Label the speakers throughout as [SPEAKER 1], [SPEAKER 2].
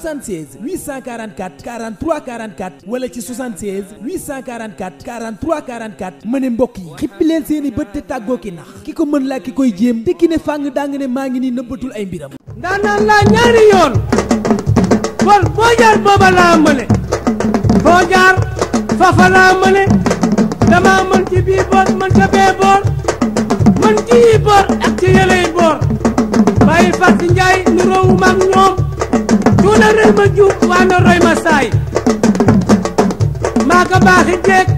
[SPEAKER 1] 76 844 43 44 wala ci 76 844 43 44 ma ne mbokk yi xippi leen seeni bët te tàggoo ki nax ki ko mën laa ki koy jéem te ki ne fàng daa nga ne maa ngi nii nëbbatul ay mbiram. ndaanaan laa ñaari yoon bor boo booba laa mëne boo jaar laa mëne dama mën ci bii boor mën ca bee boor mën ci yi boor ak ci yëley boor bàyyi fàtt njaay nu ñoom leen maa ko baaxi jeeg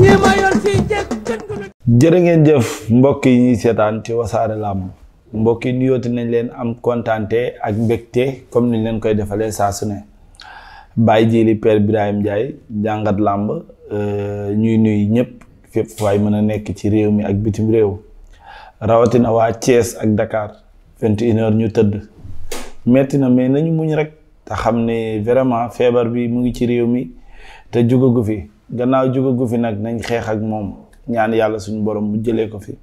[SPEAKER 1] ñi ma yor si jeeg
[SPEAKER 2] jërë ngeen jëf mbokk yi ñuy seetaan ci wasaare làmb mbokk yi nuyooti nañ leen am kontaante ak mbégte comme niñ leen koy defalee saa su ne Baye Jili Père Birahim Ndiaye jàngat làmb euh, ñuy nuy ñëpp fépp waaye mën a nekk ci réew mi ak bitim réew rawatina waa cees ak Dakar vingt et ñu tëdd metti na mais nañu muñ rek te xam ne vraiment feebar bi mu ngi ci réew mi te jugagu fi gannaaw jugagu fi nag nañ xeex ak moom ñaan yàlla suñu borom mu jëlee ko fi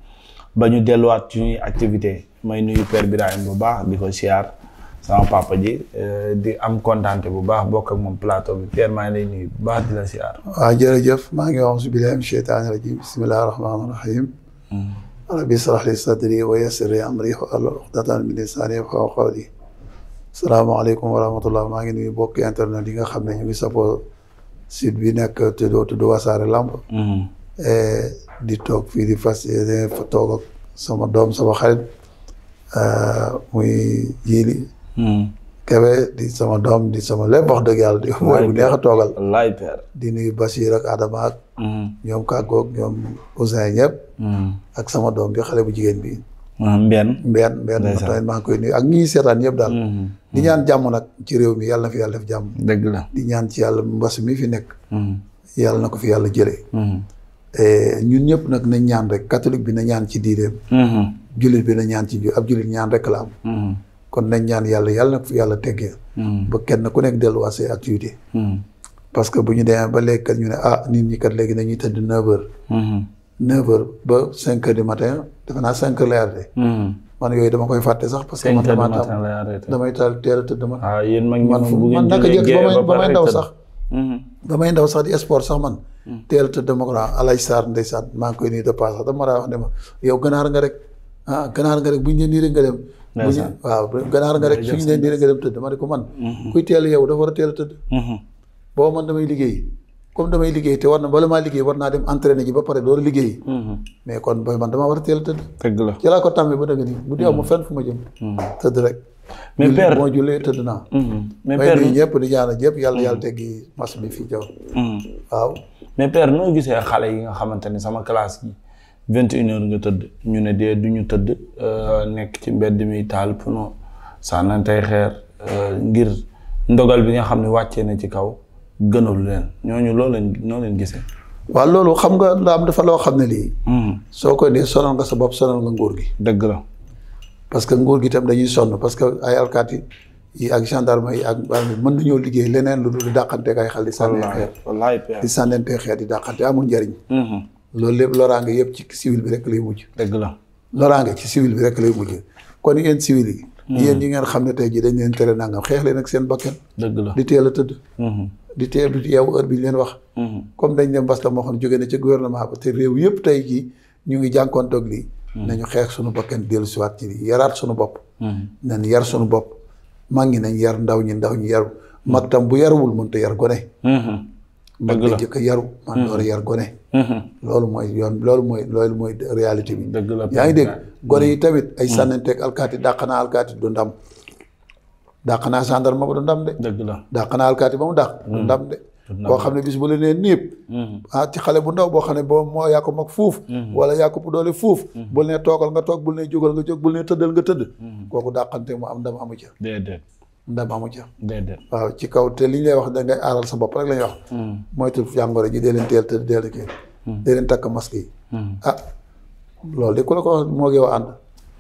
[SPEAKER 2] ba ñu delluwaat suñuy activité may nuyu Père Birahim bu baax di ko siyaar sama papa ji euh, di am kontante bu baax bokk ak moom plateau bi Père maa ngi lay nuyu bu baax di la siyaar
[SPEAKER 3] waaw jërëjëf maa ngi wax billahi sheytaani rajim bismillahi rahmaani rahim hmm. rabbi israh li sadri wa yassir salaamaaleykum wa rahmatullah maa ngi nu bokk internet yi nga xam ne ñu ngi safoo site bi nekk tuddoo tudd wasaare lamb mm-hmm. eh, di toog fii di fas toog ak sama doom sama xarit eh, muy jiili mm-hmm. kebe di sama doom di sama lépp wax dëgg yàlla di mooy bu di nuyu Bachir ak Adama ak mm-hmm. ñoom kàggoog ñoom Ousin ñëpp ak sama doom bi xale bu jigéen bi mbenn mbenn mbenn tamit maa ngi koy nuyu ak ñi seetaan yëpp daal mm-hmm. di ñaan jàmm nag ci réew mi yàlla na fi yàlla def jàmm dëgg la di ñaan ci yàlla mbas mi fi nekk mm-hmm. yàlla na ko fi yàlla jëlee mm-hmm. ñun ñëpp nag nañ ñaan rek catholique bi na ñaan ci diineem jullit bi na ñaan ci ab jullit ñaan rek la kon nañ ñaan yàlla yàlla na fi yàlla teggee ba kenn ku nekk delluwaat say activité parce que bu ñu demee ba léegi ñu ne ah nit ñi kat léegi nañuy tëdd neuf heures neuf ba cinq heures du matin defe naa cinq heures lay arrêté. Hmm. man yooyu dama koy fàtte sax parce que man damaa tam damay taal teel a tëdd ma. ah yéen mag ñi man naka sax. Hmm. ba may ndaw sax di sport hmm. a tëdd ma ko daan Alaaji Sarr ndeysaan maa ngi koy nuyu de passe sax dama daa wax ne ma yow ganaar nga rek bu ñu leen nii rek nga dem. waaw ganaar nga rek suñu leen nii nga dem tëdd ma ne ko man. Mm-hmm. kuy teel yow dafa war a teel a tëdd. Mm-hmm. boo man damay liggéey. comme damay liggéey te war na bala maa liggéey war naa dem entraîné ji ba pare door liggéey mhm. mais kon booy man damaa war a teel tëdd dëgg la ci laa ko tàmmee ba dëgg nii bu dee amu fenn fu ma jëm mhm. tëdd rek mais père moo jullee tëdd naa mhm. mais ñëpp di ñaanal ñëpp yàlla yàlla teggi mas bi fii jaw waaw mais noo gisee xale yi
[SPEAKER 2] nga xamante ne sama classe yi vingt et une heures nga tëdd ñu ne dee du ñu tëdd euh, nekk ci mbedd mi taal puno sànnantey xeer euh, ngir ndogal bi nga
[SPEAKER 3] xam ne wàccee na ci kaw gënal leen ñooñu loolu lañ ñoo leen gisee. waa loolu xam nga laam dafa loo xam ne lii. Hmm. soo koy dee sonal nga sa bopp sonal nga nguur gi. dëgg la. parce que nguur gi tam dañuy sonn parce que ay alkaati yi ak gendarme yi ak armée na nañoo liggéey leneen lu dul dàqanteeg ay xel di sànni xeer di sànnante xeer di dàqante amul njariñ hmm. loolu lépp loraange yëpp ci civil bi rek lay mujj dëgg la loraange ci civil bi rek lay mujj kon yéen civil yi hmm. yéen ñi ngeen xam ne tey ji dañ leen tere nangam xeex leen ak seen bakkan di teel a tëdd di teelu di yeewu heure bi ñu leen wax. Mm-hmm. comme dañ ne mbas la moo xam ne jóge na ca gouvernement ba te réew yëpp tey jii ñu ngi jànkoontoog lii. Mm-hmm. nañu xeex sunu bokkeen dellu si waat ci lii yaraat sunu bopp. Mm-hmm. nañ yar sunu bopp. maa ngi nañ yar ndaw ñi ndaw ñi yaru. mag tam bu yaruwul mënut a yar gone. mag la jëkk a yaru. man door a yar gone. loolu mooy yoon loolu mooy loolu bi. yaa ngi dégg gone yi tamit. ay sànnanteeg alkaati dàq naa alkaati du ndam. dàq naa gendarme ba du ndam de. dëgg la dàq naa alkaati ba mu dàq. Hmm. du ndam de. boo xam ne bis bu la nee niip hmm. ah ci xale bu ndaw boo xam ne boo moo yaa ko mag fuuf hmm. wala yaa ko doole fuuf bul ne toogal nga toog bul ne jógal nga jóg bul ne tëddal nga tëdd kooku dàqante mu am ndam amu ca déedéet ndam amu ca déedéet waaw ci kaw te li ñu lay wax da ngay aaral sa bopp rek la ñuy wax moytu jàngoro ji dee leen teel tëdd dee leen takk masque yi ah, loolu de ku la ko wax moo ngi yow ànd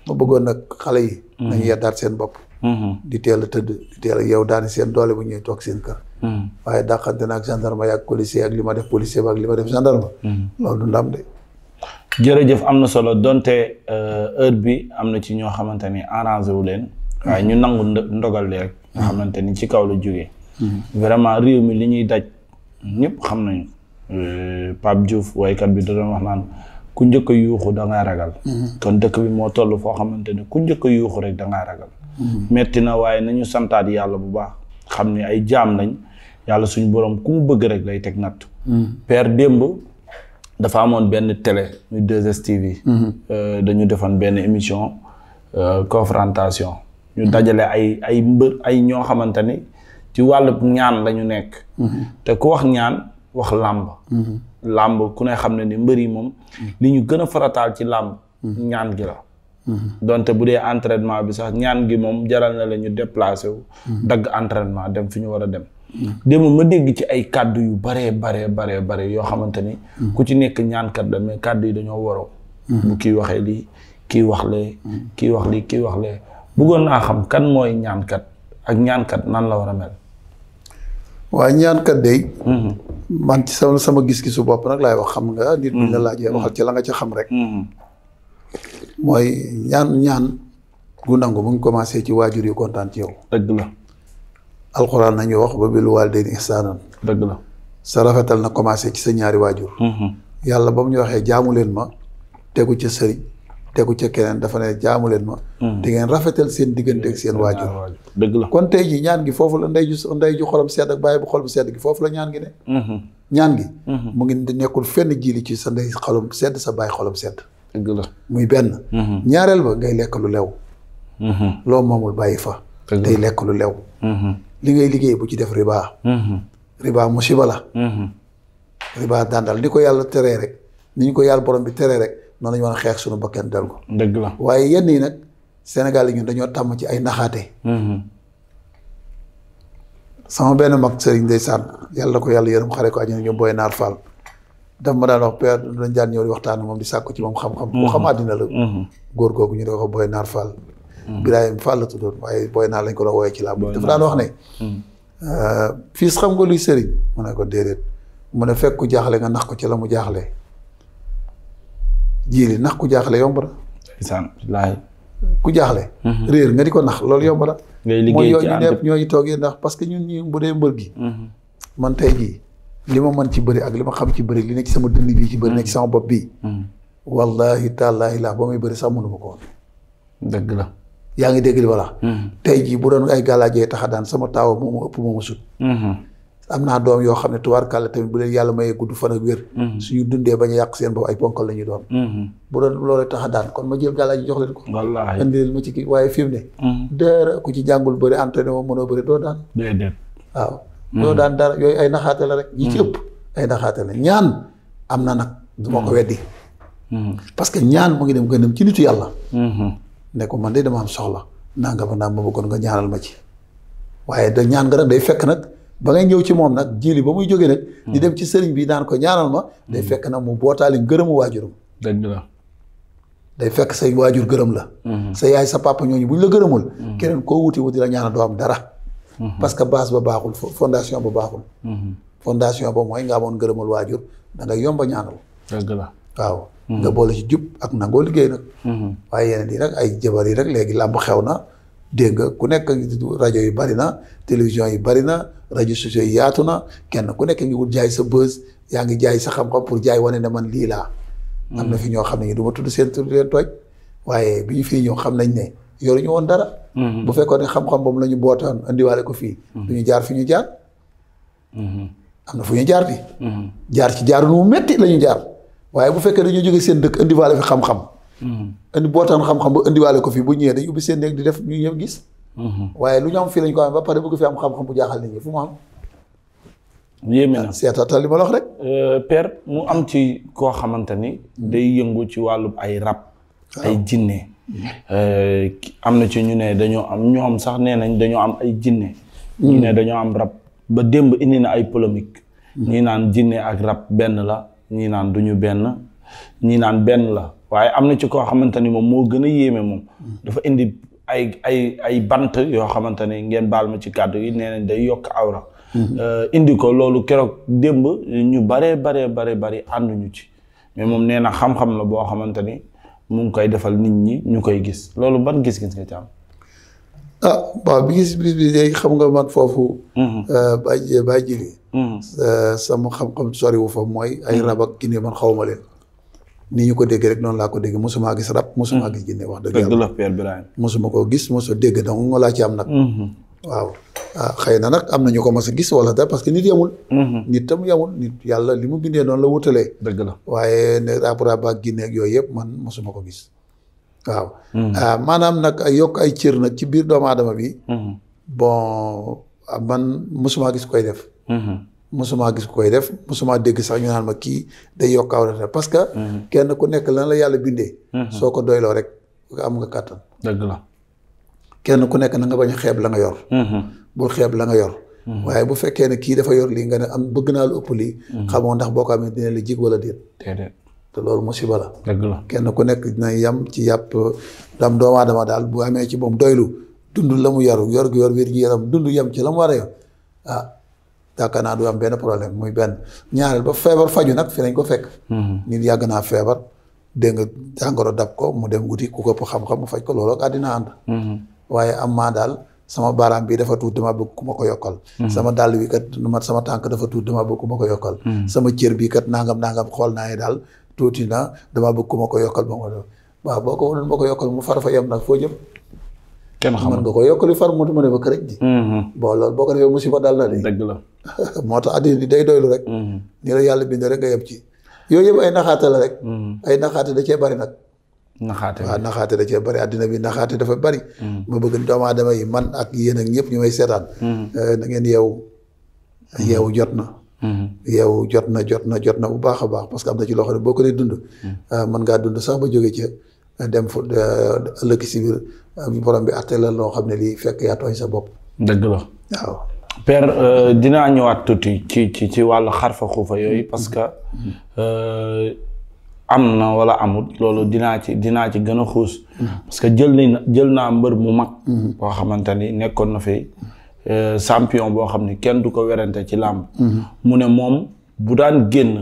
[SPEAKER 3] ma bëggoon nag xale yi nañu yeddaat seen bopp Mm-hmm. di teel a tëdd di teel a yow daani seen doole bu ñuy toog seen kër mm-hmm. waaye dàqante na ak gendarme ak policier ak ak li ma def gendarme mm-hmm. loolu ndam de
[SPEAKER 2] jërëjëf am na solo donte euh, heure bi am na ci ñoo xamante ni arrangé wu leen waaye ñu nangu ndogal li rek nga xamante ni ci kaw la jógee vraiment réew mi li ñuy daj ñëpp xam nañu euh, Pape Diouf waykat bi da doon wax naan ku njëkk a yuuxu da ngaa ragal kon dëkk bi moo toll foo xamante ku njëkk yuuxu rek da ragal Mm-hmm. metti na waaye nañu santaat yàlla bu baax xam ne ay jaam lañ yàlla suñu borom ku mu bëgg rek lay teg natt mm-hmm. per démb dafa amoon benn télé muy 2STV mm-hmm. euh, dañu defoon benn émission euh, confrontation ñu dajale ay ay mbër ay ñoo xamante ni ci wàllu ñaan la ñu nekk te ku wax ñaan wax làmb làmb ku ne xam ne ni mbër yi moom li ñu gën a farataal ci làmb ñaan gi la donte bu dee entraînement bi sax ñaan gi moom jaral na la ñu déplacé wu. dagg entraînement dem fi ñu war a dem. démb ma dégg ci ay kàddu yu baree baree baree bare yoo xamante ni. ku ci nekk ñaankat la kàddu yi dañoo waroo. bu kiy waxee lii kiy wax lee. kiy wax lii kiy wax lee bëggoon naa xam kan mooy ñaankat ak ñaankat nan la war a mel.
[SPEAKER 3] waaw ñaankat day mm-hmm. man ci sama sama gis-gisu bopp nag laay wax xam nga. nit ñi la mm-hmm. laajee waxal ci la nga ci xam rek. Mm-hmm. mooy ñaan ñaan gu nangu mu ngi commencé ci waajur yu kontaan ci yow. dëgg la. alxuraan nañu wax ba bil waalidayni ihsaanan. dëgg la. sa rafetal na commencé ci sa ñaari waajur. Mm-hmm. yàlla ba mu ñu waxee jaamu leen ma tegu ca sëriñ tegu ca keneen dafa ne jaamu leen ma. Mm-hmm. di ngeen rafetal seen diggante ak seen waajur. dëgg la kon tey jii ñaan gi foofu la ndey ju ndey ju xolam sedd ak bàyyi bu xol sedd gi foofu la ñaan gi ne. Mm-hmm. ñaan gi. mu ngi nekkul fenn jiili ci sa ndey xolom sedd sa bàyyi dëgg la muy benn. Mhm. ñaareel ba ngay lekk lu lew. Mhm. loo moomul bàyyi fa. day lekk lu lew. Mhm. li ngay liggéey bu ci def riba. riba musiba la. riba dàndal ni ko yàlla teree rek ni ñu ko yàlla borom bi teree rek noonu la ñu war a xeex sunu bakkan del ko. dëgg la waaye yenn yi nag Sénégal yi ñun dañoo tàmm ci ay naxaate. sama benn mag sëriñ ndeysaan yàlla ko yàlla yërëm xare ko àjjana ñu booy naar faal. daf ma daan wax père dañ daan ñëw di waxtaan moom di sàkku ci moom xam-xam. ku mhm. xam àddina la. Mhm. góor googu ñu ne ko Boy Naar Fall. Mhm. Birahim Fall la tuddoon waaye Boy Naar lañ ko doon wooyee ci làmb dafa daan wax ne. Euh, fii xam nga luy sëriñ mu ne ko déedéet mu ne fekk ku jaaxle nga nax ko ci la mu jaaxle jiili nax ku jaaxle yomb na. ku jaaxle. réer nga di ko nax loolu yomb na. ngay liggéey ci ànd mooy ndax parce que ñun ñii bu dee mbër gi. man tey jii. li ma man ci bëri ak li ma xam ci bëri li nekk ci sama dënn bii ci bëri mm. nekk ci sama bopp bii mm. wallahi taalaahi laa ba muy bëri sax mënu ma ko woon la yaa ngi dégg li walla mm. tey jii bu doon ay gàllaajee taxa daan sama taawa moomu ëpp moomu sut mm-hmm. am naa doom yoo xam ne tubaarkàlla tamit bu leen yàlla mayee gudd fan ak wér suñu dundee bañ a yàq seen bopp ay ponkal la ñuy doon mm-hmm. bu doon loolu taxa daan kon ma jël gàllaaj jox leen ko wallaahi indi leen ma ci kii waaye fi mu ne mm-hmm. dara ku ci jàngul bëri entraîné moom mënoo bëri doo daan waaw doo mhm. daan dara yooyu ay naxaate la rek ñi ci mhm. ëpp ay naxaate la ñaan am na nag du ma ko mhm. weddi parce que ñaan mu ngi dem gën ci nitu yàlla ne ko man de dama am soxla nanga ma naa ma bëggoon nga ñaanal ma ci waaye da ñaan nga nag day fekk nag ba ngay ñëw ci moom nag jili ba muy jóge nag di dem ci sëriñ bi daan ko ñaanal ma day fekk nag mu bootaali gërëmu waajuram day fekk say waajur gërëm la sa yaay sa papa ñooñu bu ñu la gërëmul keneen koo wuti wuti la ñaanal doo am dara Mhm. parce que base ba baaxul fondation ba baaxul. Mhm. fondation ba mooy nga amoon gërëmal waajur da nga yomb a ñaanal. dëgg la waaw. Mhm. nga boole ci jub ak nangoo liggéey nag. waaye yeneen yi nag ay jabar yi rek léegi làmb xew na dégg nga ku nekk rajo yi bari na télévision yi bari na rajo sociaux yaatu na kenn ku nekk ngi wut jaay sa buzz yaa ngi jaay sa xam-xam pour jaay wane ne man lii laa. am na fi ñoo xam ne du ma tudd seen tur leen toj. waaye bi ñu fii ñoo xam nañ ne. yoruñu woon dara. Mm-hmm. bu fekkoon ne xam-xam boobu la ñu bootaan indiwaale ko fii. Mm-hmm. du ñu jaar fi ñu jaar. Mm-hmm. am na fu ñu jaar di. jaar ci jaar lu metti la ñu jaar. waaye bu fekkee dañoo jógee seen dëkk andiwaale fi xam-xam. andi bootaan xam-xam ba ko fii bu ñëwee dañu ubbi seen néeg di def ñu ñëw gis. waaye lu ñu am fii lañ ko amee ba pare bëgg fi am xam-xam bu jaaxal nit ñi fu mu am. yéeme na seetaatal li ma wax rek. Euh, père mu am ci koo
[SPEAKER 2] xamante ni. day yëngu ci wàllu ay rab. ay jinne Euh, am na ci ñu ne dañoo am ñu sax nee nañ dañoo am ay jinne ñu mm. ne dañoo am rab ba démb indi na ay polémique mm. ñii naan jinne ak rab benn la ñii naan duñu benn ñii naan benn la waaye am na ci koo xamante ni moom moo gën a yéeme moom mm. dafa indi ay ay ay bant yoo xamante ne ngeen baal ma ci kàddu yi nee nañ day yokk awra mm-hmm. euh, indi ko loolu keroog démb ñu baree baree bare bari ànduñu ci mais moom nee na xam-xam la boo xamante ni mu ngi koy defal nit ñi ñu koy gis loolu ban gis-gis nga ci am.
[SPEAKER 3] ah waaw gis bis bi léegi xam nga man foofu. bàyyi bàyyi ji sama xam-xam soriwu fa mooy ay mm-hmm. rab ak jinne man xaw ma leen. ni ñu ko déggee rek noonu laa ko déggee mosuma gis rab. mosuma mm-hmm. gis jinne wax dëgg yàlla dëgg la Père Birahim. mosuma koo gis mosoo dégg donc nga laa ci am nag. Mm-hmm. waaw. ah xëy na nag am na ñu ko mas a gis wala da parce que nit yamul. Mhm. nit tam yamul nit yàlla li mu bindee noonu la wutalee. dëgg la waaye ne rab rab ak ginne ak yooyu yëpp man mosuma ko gis. Mhm. Ah, maanaam nag yokk ay cër nag ci biir doomu aadama bi. Mhm. bon ah, man mosuma gis koy def. mosuma gis koy def mosuma dégg sax ñu naan ma kii day yokk awra parce que. kenn ku nekk lan la yàlla bindee. soo ko doyloo rek am nga kàttan. dëgg la. kenn ku nekk na nga bañ a xeeb la nga yor. Mm-hmm. bul la nga yor. Mm-hmm. waaye bu fekkee ne kii dafa yor lii nga ne am bëgg naa lu ëpp lii. Mm-hmm. xamoo ndax boo ko amee dina la jig wala déet. te loolu musiba la. dëgg la kenn ku nekk dina yam ci yàpp dam doomu aadama daal bu amee ci moom doylu dund la mu yor yor gu yor wér gi yaram dund yam ci la mu war a yor ah. yaakaar am benn problème muy benn ñaareel ba feebar faju nag fi lañ ko fekk. nit yàgg naa feebar dégg nga jàngoro dab ko mu dem wuti ku ko xam-xam mu faj ko loolu ak waaye am maa daal sama baaraam bii dafa tuut dama bëgg ku ma ko yokkal hmm. sama dàll bi kat ma sama tànk dafa tuut dama bëgg ku ma ko yokkal hmm. sama cër bi kat nangam xool naa ne daal tuuti na dama bëgg ma ko yokkal ba ma waaw boo ko mënoon ma mu far fa yem nag foo jëm kenn xamul mën nga ko yokkali far mu ne ba kërëj di hmm. bon loolu boo ko defee musiba dal na de dëgg la moo tax addina di day doylu rek nii la yàlla bind rek nga yem ci yooyu yëpp ay naxaate la rek ay naxaate da cee bari nag naxaate waaw naxaate bari àddina bi naxaate dafa bari. Mm. ma bëgg doomu aadama yi man ak yéen ak ñëpp ñu may seetaan. da mm. eh, ngeen yeewu. Mm. yeewu jot na. yeewu jot na jot na jot na bu baax a baax parce que am na ci loo xam ne boo ko dee dund. Eh, mën ngaa dund sax ba jóge ca eh, dem fu ëllëg si biir borom bi àtte la loo xam ne lii fekk yaa tooñ sa bopp. dëgg la waaw. père euh,
[SPEAKER 2] dinaa ñëwaat tuuti ci ci ci wàllu xarfa xuufa yooyu parce que.
[SPEAKER 3] Euh,
[SPEAKER 2] am na wala amut loolu dinaa ci dinaa ci gën a xuus. Mm-hmm. parce que jël nañ jël naa mbër mu mag. Mm-hmm. boo xamante ni nekkoon na fi euh, champion boo xam ni kenn du ko werante ci làmb. Mm-hmm. mu ne moom bu daan génn.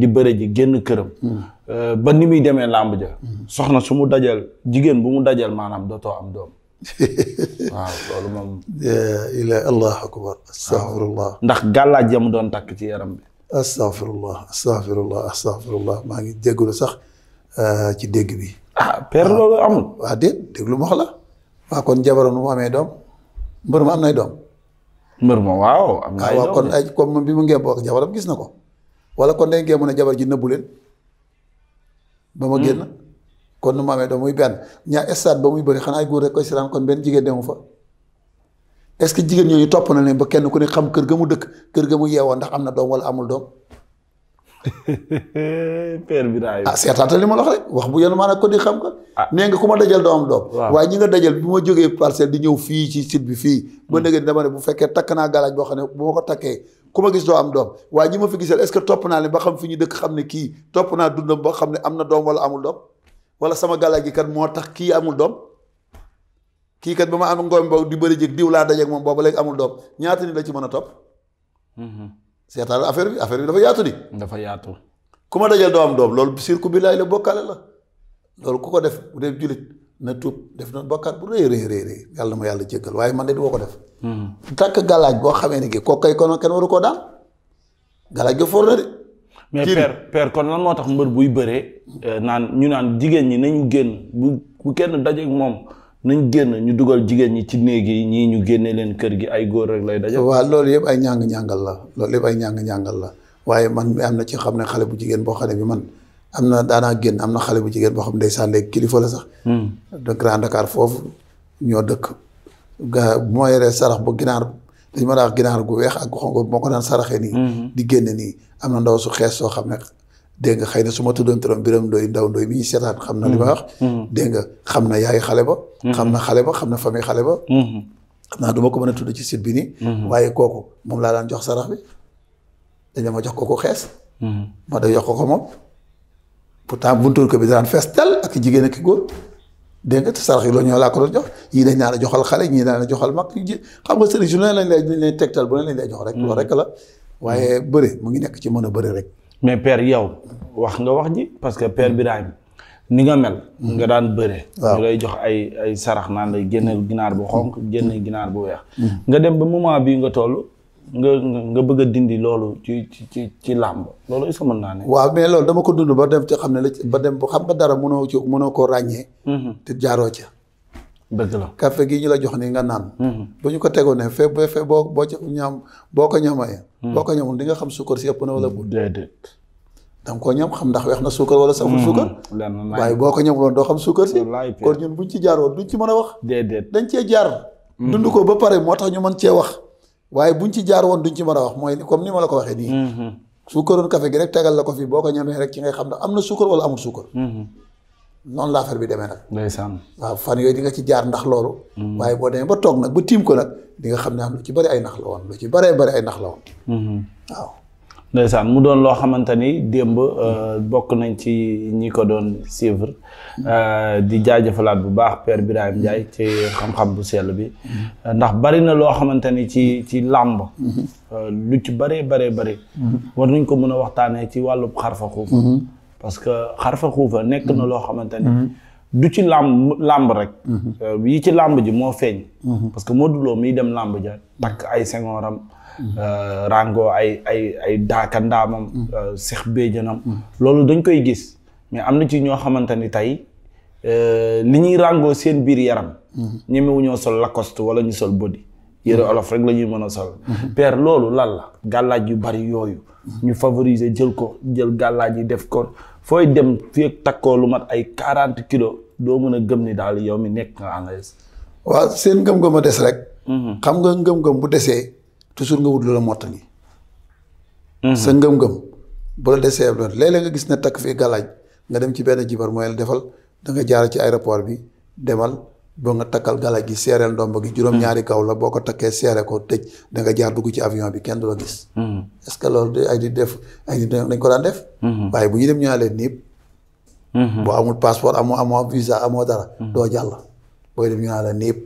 [SPEAKER 2] di bëre ji génn këram. Euh, ba ni muy demee làmb ja. soxna su mu dajal jigéen bu mu dajal maanaam dootoo am doom. waaw loolu moom.
[SPEAKER 3] ila allah akbar ndax
[SPEAKER 2] gàllaaj ya mu doon takk ci yaram bi.
[SPEAKER 3] astaghfirullah astaghfirullah astaghfirullah maa ngi jégalu sax euh, ci dégg bi. ah père ah. loolu amul. waa ah, déet déglu ma wax la. waa kon jabaram nu mu amee doom mbër ma am nay doom.
[SPEAKER 2] mbër ma waaw am na ay ah, doom kon ay
[SPEAKER 3] comme bi mu ngeen bokk jabaram gis na ko. wala kon day ngeen mën ji nëbbu leen. ma hmm. génn. kon nu mu amee doom muy benn ñaar stade ba muy bëri xanaa ay góor rek koy siraan kon benn jigéen demu fa. est-ce que jigéen ñooñu topp na leen ba kenn ku ni xam kër ga mu dëkk kër ga mu yeewoo ndax am na doom wala amul doom. père bi ah, li ma la wax rek wax bu yéen ko di xam ko. nee ah. nga ku ma dajal doom doom. waaye ñi nga dajal bu ma jógee parcelle di ñëw fii ci site bi fii. ba hmm. léegi dama ne bu fekkee takk naa galaaj boo xam ne bu ma ko takkee ku ma gis am doom waaye ñi ma fi gisal que topp naa leen xam fi dëkk xam ne kii topp naa dundam ba xam ne am na doom wala amul doom wala sama galaaj gi kat moo tax kii amul doom. kii kat ba ma am ngoom boobu di bëri jëg diw laa dajeeg moom boobu léegi amul doom ñaata nit la ci mën a topp. Mm-hmm. seetaan affaire bi affaire bi dafa yaatu di. dafa yaatu. ku ma dajal doo am doom loolu sirku billaay la bokkaale la loolu ku ko def bu dee jullit na tuub def na bokkaat bu rëy rëy rëy yàlla ma yàlla jéggal waaye man de du ma ko def. Mm-hmm. takk galaaj boo xamee ni ki kooku kay konoon kenn waru koo daan galaaj ga foor na de. mais père
[SPEAKER 2] père kon lan moo tax mbër buy bëree. Euh, naan ñu naan jigéen ñi nañu génn bu bu kenn dajeeg moom. nañ génn ñu dugal jigéen ñi ci néeg yi ñii ñu génne leen kër gi ay góor rek lay dajal. waaw loolu
[SPEAKER 3] yëpp ay ñàng-ñàngal la loolu yëpp ay ñàng-ñàngal la waaye man mi am na ci xam ne xale bu jigéen boo xam ne bi man am na daanaa génn am na xale bu jigéen boo xam ne ndeysaan léegi kilifa sax. Hmm. de Grand foofu ñoo dëkk. ga bu ma bu ginaar dañ ma daa ginaar gu weex ak gu xonq moo ko daan saraxee nii. Hmm. di génn nii am na ndaw su xees soo xam ne dégg nga xëy na su ma tuddoon turam biram ndoy ndaw ndoy bi seetaan xam na li ma mm-hmm. Mm-hmm. dégg nga xam na yaay xale ba mm-hmm. xam na xale ba xam na famille xale ba xam naa ko mën a tudd ci site bi waaye kooku moom laa daan jox sarax bi dañ ma jox ko ko xees ma da jox ko ko moom pourtant buntu ko bi daan fees tel ak jigéen ak góor dégg nga te sarax yi loolu ñoo laa ko doon jox ñii dañ naan joxal xale ñii dañ naan joxal mag xam nga sëriñ su ne lañ lay lañ lay tegtal bu ne leen lay jox rek loolu rek la waaye bëri mu ngi nekk ci mën a bëri rek mais per yow wax nga wax ji
[SPEAKER 2] parce que per père Birahim ni nga mel. nga daan bëre. ñu lay jox ay ay sarax naan lay génn ginaar bu xonq mm. génn ginaar bu weex. Mm. nga dem ba moment bii nga toll. nga
[SPEAKER 3] nga bëgg a dindi loolu ci ci ci ci làmb loolu est sa que mën naa ne. waaw mais loolu dama ko dund ba dem ci xam ne la ba dem ba xam nga dara mënoo ci mënoo koo ràññee. Mm-hmm. te jaaroo ca. dëgg la café gi ñu la jox nii nga naan. Mhm. bu ñu ko tegoon ne fe bu boo boo ñam boo ko ñamee. Mhm. boo ko ñamul di nga xam suukar si ëpp wala bu. déedéet. da nga xam ndax weex na suukar wala saful mhm. suukar. waaye boo ko ñamuloon doo xam suukar si. kon ñun buñ ci jaaroon duñ ci mën a wax. déedéet dañ cee ko ba pare moo tax ñu mën cee wax. waaye buñ ci jaar woon duñ ci mën a wax mooy comme ni ma la ko waxee nii. suukaroon café gi rek tegal la ko fii boo ko ñamee rek ci ngay xam ne am na suukar wala amul suukar. noonu la affaire bi deme nag. ndeysaan. waaw fan yooyu di nga ci jaar ndax loolu. Mm. waaye boo demee ba toog nag ba tiim ko nag di nga xam ne am lu ci bari ay nax ci baree bari ay nax la woon. Mm-hmm.
[SPEAKER 2] mu doon loo xamante ni démb euh, bokk nañ ci ñi ko doon suivre mm. euh, di jaajëfalaat bu baax Père Birahim Ndiaye ci xam bu sell bi mm-hmm. bari na loo xamante ni ci ci làmb mm-hmm. euh, lu ci baree baree bari war nañ ko mën a waxtaanee ci wàllu xarfa xuuf parce que xarfa xuufa nekk na mhm. loo xamante ni mhm. du ci làmb làmb rek mhm. euh, yi ci làmb ji moo feeñ parce que Modou Lo miy dem làmb ja takk ay sengoram euh, rango ay ay ay daakandaamam sex euh, béjjanam loolu dañ koy gis mais am na ci ñoo xamante ni tey li ñuy ràngoo seen biir yaram ñemewu sol lacoste wala ñu sol body yére olof rek la ñuy mën a sol père loolu lan gàllaaj yu bari yooyu ñu favoriser jël ko jël gàllaaj yi def ko fooy dem fii ak takkoo lu mat ay quarante kilos doo mën a gëm ni daal yow mi nekk nga en aise.
[SPEAKER 3] waaw seen ngëm-ngëm a des rek. Mhm. xam nga ngëm-ngëm bu desee toujours nga wut lu la mottali. Mhm. sa ngëm-ngëm bu la desee loolu léeg-léeg nga gis ne takk fii galaaj nga dem ci benn jibar mooy la defal da nga jaar ci aéroport bi demal. boo nga takkal gala gi seereel ndomba gi juróom-ñaari kaw la boo ko takkee seere ko tëj da nga jaar dugg ci avion bi kenn du la gis hmm. est-ce que loolu ay di def ay di dañ ko daan def hmm. waaye bu ñu dem ñaa leen niip hmm. boo amul passeport amoo amoo visa amoo dara doo jàll booy dem ñu naa la niip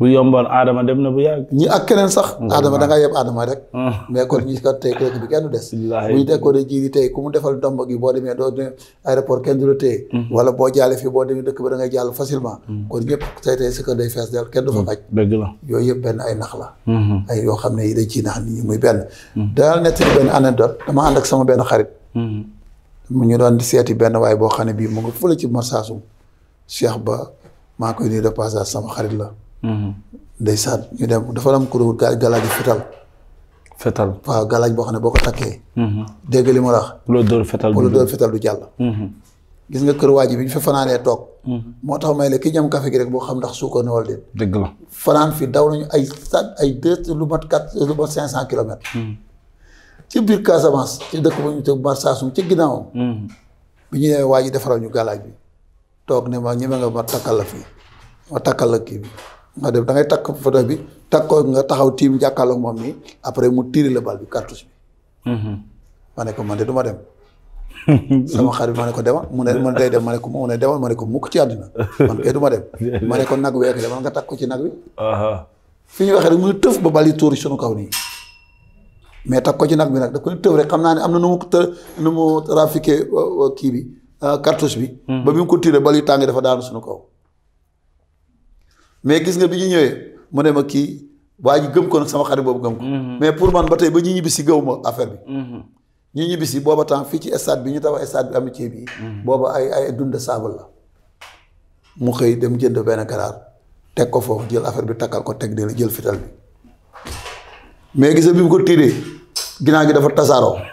[SPEAKER 3] bu yomboon aadama dem na bu yàgg. ñi ak keneen sax. aadama da ngaa yeb aadama rek. Ah. mais kon ñi kat tey kër bi kenn des. bu ñu teg ko de jiiri tey ku mu defal domb gi boo demee doo dem aéroport kenn du la téye. Mm-hmm. wala boo jàllee fii boo demee dëkk bi da ngay jàll facilement. Mm-hmm. kon ñëpp tey tey si kër day fees del kenn du fa mm-hmm. xaj. yooyu yëpp benn ay nax la. yoo xam ne yi day ciy nax nit ñi muy benn. daal nettali benn anecdote dama ànd ak sama benn xarit. mu ñu doon seeti benn waay boo xam ne bii mu ngi fële ci marsasum Cheikh ba maa koy nuyu de passage sama xarit la Mhm. ndeysaan ñu dem dafa am kuréel gaa galaaj fetal fetal waaw galaaj boo xam ne boo ko takkee mhm. dégg li ma la wax ku la dóor fetal ku la dóor fetal du jàll mhm. gis nga kër waaji bi ñu fi fanaanee toog moo tax may la ki ñam café gi rek boo xam ndax suukar ne wala déet dëgg la fanaan fi daw nañu ay sat ay deux lu mat quatre lu mat cinq cent kilomètres ci biir Casamance ci dëkk bu ñu te Marsassoum ci ginnaawam bi ñu nee waaji defaral ñu galaaj bi toog ne ma ñeme nga la fii ma takkal la kii bi nga def da ngay takk photo bi takk ko nga taxaw tiim jàkkaarloog moom mi après mu tiiri la bal bi cartouche bi. Mhm. ma ne ko man de du ma dem.
[SPEAKER 4] sama
[SPEAKER 3] xarit ma ne ko demal mu ne man day dem ma ne ko mu ne demal ma ne ko mukk ci àddina man ma dem ma ne ko nag wi ekle nga takk ko ci nag wi fi ñu waxee rek mu ne tëf ba bali tuuri sunu kaw nii mais takk ko ci nag bi nag da ko ne tëf rek xam naa ne am na nu mu të nu mu trafiqué uh, uh, kii bi uh, cartouche bi mhm. ba bi mu ko bal bali tàngi dafa daanu sunu kaw mais gis nga bi ñu ñëwee mu ne ma kii waa ji gëm ko nag sama xarit boobu gëm ko. Mhm. mais pour man ba tey ba ñu ñibbisi gëw ma affaire bi. Mhm. ñu ñibbisi booba temps fii ci stade bi ñu tabax stade bi amitié bi. Mhm. booba ay ay dund sable la. mu xëy dem jënd benn garaar teg ko foofu jël affaire bi takkal ko teg la jël fital bi. mais gis nga bi mu ko tiiree ginnaaw gi dafa tasaaroo.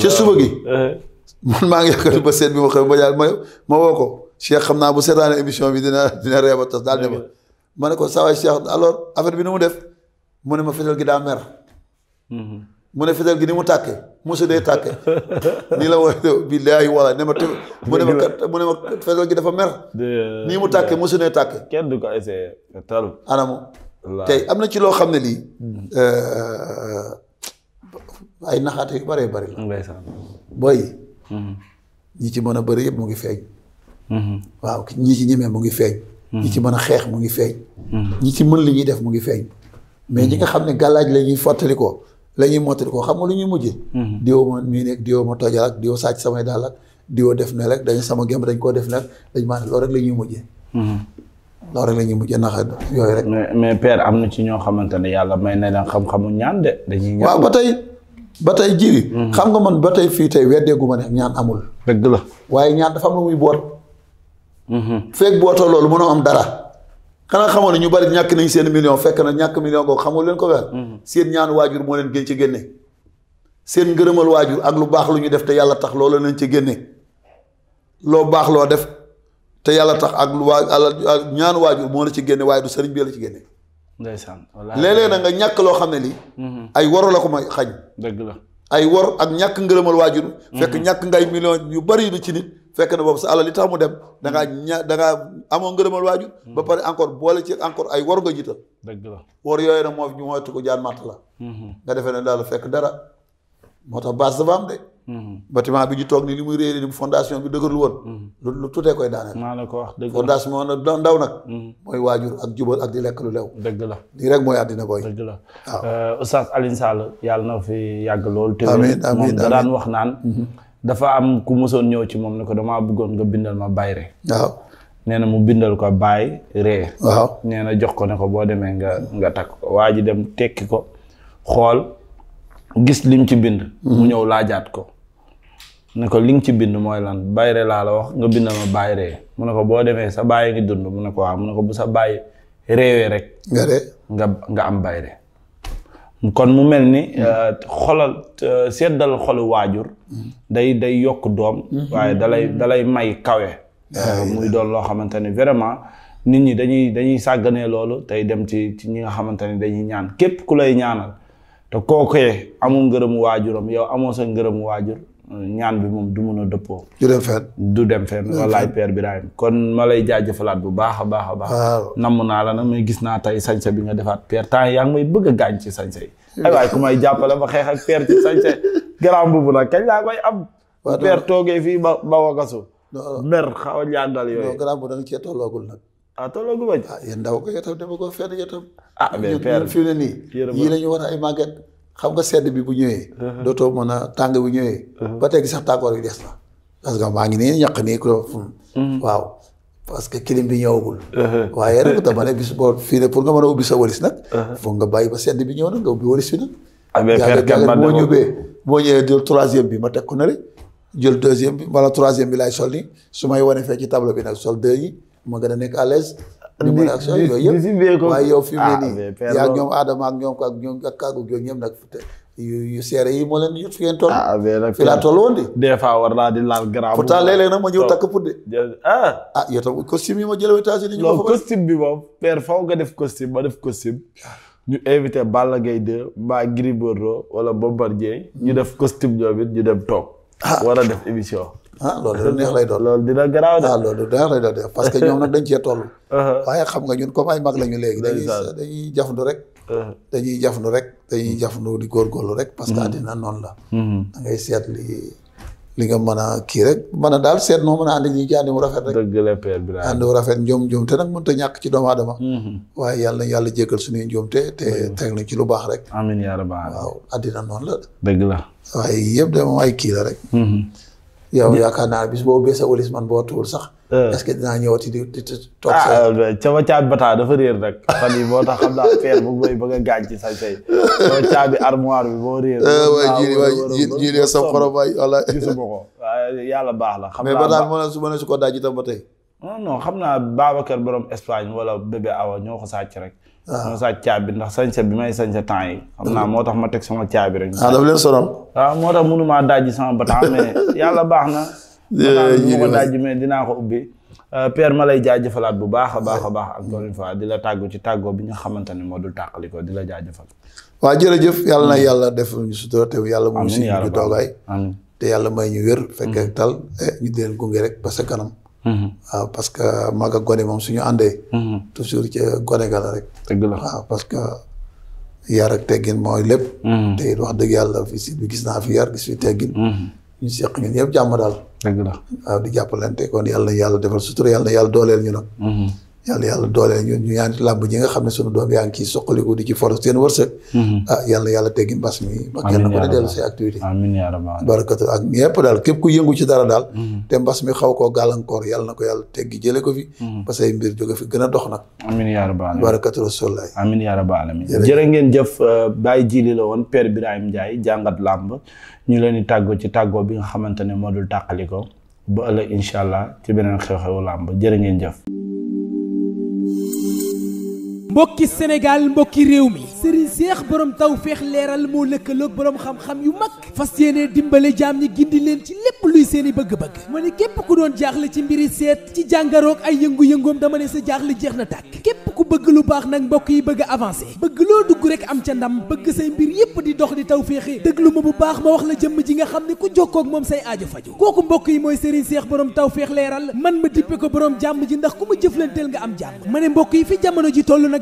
[SPEAKER 3] ca suba gi. man maa ngi yàkkati ba seet bi ma xëy ma ma ko. Cheikh xam naa bu seetaane émission bi dina dina reeba tas daal ne ma ne ko sawaay Cheikh alors affaire bi ni mu def mu ne ma fetal gi daa mer mhm. mu gi ni mu tàkke mosu dee tàkke la wax billaahi wala ne ma mu ne ne ma gi dafa mer nii mu tàkke mosu dee tàkke kenn du ko essayé talu anamu tey am na ci loo xam ne lii mhm. euh, ay naxaate yu bëree bëri la booy mhm. ñi ci mën a bëri yëpp mu ngi feeñ Mm-hmm. waaw ñi ci ñemee mu ngi feeñ ñi ci mën a xeex mu ngi feeñ mm-hmm. ñi ci mën li ñuy def mu ngi feeñ mais ñi nga xam ne galaaj la ñuy fàttali ko la ñuy mottali ko xam nga lu ñuy mujje mm-hmm. diwo ma mii nekk diwo ma tojal ak diwo sàcc samay daal ak diwo def ne rek dañ sama gémb dañ koo def ne dañ maa ne la ñuy mujje
[SPEAKER 2] loolu rek la ñuy mujjee nax yooyu rek. mais mais père am na ci ñoo xamante ne yàlla may na leen xam-xamu ñaan de dañuy. ñaan waaw ba tey
[SPEAKER 3] ba tey jiri. xam nga man ba tey fii tey weddeegu ma ne ñaan amul. dëgg la waaye ñaan dafa am lu muy boot. fekk bootoo loolu mënoo am dara. xanaa xamoon ne ñu bari ñàkk nañ seen million fekk na ñàkk million koo xamoo leen ko weer. Mhm. seen ñaan waajur moo leen gën ci génne. seen ngërëmal waajur ak lu baax lu ñu def te yàlla tax loola nañ ci génne. baax loo def te yàlla tax ak lu waa ñaan waajur moo la ci génne waaye du sëriñ bi la ci génne.
[SPEAKER 2] ndeysaan léeg-léeg na
[SPEAKER 3] nga ñàkk loo xam ne lii. Mhm. ay woro la ko may xañ. ay wor ak ñàkk ngërëmal waajur. Mhm. fekk ñàkk ngay million yu bari lu ci nit. fekk na boobu sa alal li tax mu dem da ngaa ña da ngaa amoo ngërëmal waajur ba hmm. pare encore boole ci encore ay war nga jiital war yooyu nag moo ñu moytu ko jaan màtt hmm. la fekk dara moo tax base dafa am de hmm. bâtiment bi ñu toog li muy bi dëgërlu woon lu tutee koy daaneel maa la ko wax dëgg la fondation na ndaw nag mooy waajur ak jubal ak di lekk lu lew dëgg la lii rek mooy àddina booy dëgg la waaw euh, Oustaz
[SPEAKER 2] Alioune Sall yàlla na fi yàgg loolu te amiin amiin moom da daan wax naan mhm. dafa am ku mosoon ñëw ci moom ne ko damaa bëggoon nga bindal ma baay waaw nee na mu bindal ko baay ree waaw nee na jox ko ne ko boo demee nga nga takk ko waa ji dem tekki ko xool gis lim ci bind mhm. mu ñëw laajaat ko ne ko li nga ci bind mooy lan bayre re laa la wax nga bindal ma bayre mu ne ko boo demee sa baay ngi dund mu ne ko waaw mu ne ko bu sa baay reewee rek nga am bayre kon mu mel ni mm. euh, xolal euh, seddal xolu waajur mm. day day yokk doom mm-hmm. waaye dalay mm-hmm. dalay may kawe ah, euh, muy doon loo xamante ni vraiment nit ñi dañuy dañuy sàgganee loolu tey dem ci ci ñi nga xamante ni dañuy ñaan képp ku lay ñaanal te kookee amul ngërëmu waajuram yow amoo sa ngërëmu waajur ñaan bi moom du mun a dëppoo. du dem fenn du dem fenn. wallaay Père Birahim kon ma lay jaajëfalaat bu baax a baax a baax. waaw namm naa la na mais gis naa tey sañse bi nga defaat Père temps yaa ngi may bëgg a gaañ ci sañse yi. ay waay ku may jàppale ma xeex ak Père ci sañse garaam boobu nag kañ laa koy am. waaw Père
[SPEAKER 3] toogee fii ba ba wakasu. mer xaw a yooyu. non garaam bu da nga cee tolloogul nag. ah tolloo gu bañ. ah yéen ndaw ko yow ah, fii ne nii. yii la war ay màgget xam nga sedd bi bu ñëwee. Uh-huh. dootoo mën a tàng bi ñëwee. Uh-huh. ba tey sax tàngoor bi des na. parce que maa ngi nii ñaq nii ko. Uh-huh. waaw parce que clim bi ñëwagul. waaye rek dama ne bis boo fii ne pour nga mën a ubbi sa walis nag. foog nga bàyyi ba sedd bi ñëw nag nga ubbi walis bi nag. ah mais boo ñëwee jël troisième bi ma teg ko na le jël deuxième bi wala troisième bi laay sol nii su may wane fee ci tableau bi nag sol deux yi. ma gën a nekk à l'aise di mën a action yooyu yow fi mu ne ah, ñoom Adama ak ñoom ak ñoom ak kàggu ñoom ñëpp nag yu yi moo leen yut fi ngeen toll ah, fi de des fois war naa di
[SPEAKER 2] laal garab pourtant
[SPEAKER 3] ma ñëw takk pour de ah ah yow ma jëlee États-Unis ñu ko
[SPEAKER 2] bi moom père faw nga def costume ma def costume ñu invité Balla Gaye 2 mbaa Gris Bordeaux wala Bombardier ñu hmm. def costume ñoom it ñu dem toog ah. war a def émission
[SPEAKER 3] ah loolu lu neex lay doon loolu dina garaaw de ah loolu lu parce que ñoom nag dañ cee toll uh-huh. waaye xam nga ñun comme ay mag lañu léegi dañuy dañuy jafandu uh-huh. rek dañuy jafandu rek dañuy jafandu di góorgóorlu rek parce que mm-hmm. àddina noon la mm-hmm. da seet li nga mën a kii rek mën a daal seet noo mën a ànd ñi ci àndi rafet rek bi àndi mu rafet njuum njuum te nag mënut a ñàkk ci doomu aadama mm-hmm. waaye yàlla na yàlla jéggal suñuy ci lu baax rek amiin yaa rabbal waaw àddina noonu la dëgg la waaye yëpp de moom ay kii la rek yow yaakaar naa bis boo bee sa olis man boo tuur sax. Ah. est-ce que dinaa ñëwati di di toog sa.
[SPEAKER 2] ah sama dafa réer rek fan yii moo tax xam naa père bu may bëgg a gaañ ci say say sama caabi bi boo réer. Eh, waaw jiiri waay jiiri sa wala. gisuma ko yàlla baax la. xam naa mais bata moo ne su ma ne su ko daaj itam ba tey. non non xam naa Babacar borom Espagne wala bébé Awa ñoo ko sàcc rek. sama sa caabi ndax sañse bi may sañse temps yi xam naa moo tax ma teg sama caabi rek ah daf leen sonal waaw ah, moo tax mënumaa dajji sama ba mais yàlla baax na ñu ma dajji mais dinaa ko ubbi euh, Père ma lay jaajëfalaat bu baax a baax a baax encore une fa di la tàggu ci tàggoo bi nga xamante ne moo dul tàqaliko di la jaajëfal
[SPEAKER 3] waa jërëjëf yàlla na yàlla def ñu sutura te yàlla mu si ñu toogaay te yàlla may ñu wér fekk tal eh, ñu deen gunge rek parce que kanam waaw mm-hmm. ah, parce que mag ak gone moom suñu àndee. Mm-hmm. toujours ci gone ga rek. dëgg waaw ah, parce que yar ak teggin mooy lépp. Mm-hmm. te it wax dëgg yàlla fii si gis naa fi yar gis fi teggin. ñu seq ñun ñëpp jàmm daal. dëgg la waaw ah, di jàppalante kon yàlla yàlla defal sutura yàlla yàlla dooleel ñu nag. yàlla yàlla dooleel ñun ñu ñaan làmb ji nga xam ne sunu doom yaa ngi ciy soqaliku di ci foros seen wërsëg mm-hmm. ah yàlla yàlla teggi mbas mi ba kenn ku ne dellu say activité barakatu ak ñëpp daal képp ku yëngu ci dara daal mm-hmm. te mbas mi xaw koo gàllankoor yàlla na ko yàlla teggi jële ko fi mm-hmm. ba say mbir jóge fi gën a dox nag amin yaa
[SPEAKER 2] ngeen jëf euh, Baye Djily la woon Père Birahim Ndiaye jàngat làmb ñu leen tàggoo ci tàggoo bi nga xamante ne moo dul tàqaliko ba ëllëg incha allah ci beneen xew-xewu
[SPEAKER 1] Thank you. mbokki Sénégal mbokki réew mi sëriñ seex borom tawféex leeral moo lëkkaloog borom xam-xam yu mag fas yéene dimbale jaam ñi gindi leen ci lépp luy seeni bëgg-bëgg ma ne képp ku doon jaaxle ci mbiri seet ci jàngaroog ay yëngu-yëngoom dama ne sa jaaxle jeex na tàkk ku bëgg lu baax nag yi bëgg a avancé loo dugg rek am ca ndam bëgg say mbir yépp di dox di tawféexe dëglu ma bu baax ma wax la jëm ji nga xam ne ku jokkoo moom say aajo faju kooku mbokk yi mooy sëriñ seex borom tawféex leeral man ma dippe ko borom jàmm ji ndax ku ma jëflanteel nga am jàmm ma ne mbokk yi fi jamono ji toll nag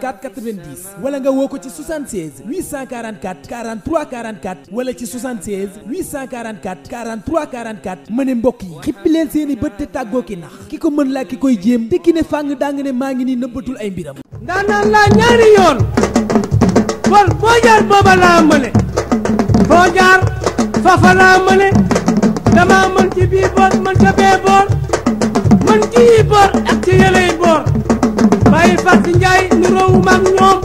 [SPEAKER 1] 844 90 wala nga woo ko ci 76 844 43 44 wala ci 76 844 43 44 ma ne mbokk yi xippi leen seen i bët te tàggoo ki nax ki ko mën laa ki koy jéem te ki ne fàng daa nga ne maa ngi nii nëbbatul ay mbiram. ndaanaan laa ñaari yoon kon boo jaar booba laa mëne boo jaar fafa laa mëne dama mën ci bii boor mën ca bee boor mën ci yi boor ak ci yële yi boor. Njaay Fass Njaay nu roowu maak ñoom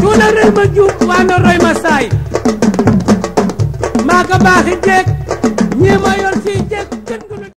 [SPEAKER 1] tuuna rëy ma juub waa na roy ma saay maa ko baaxi jeeg ñii ma yor si jeeg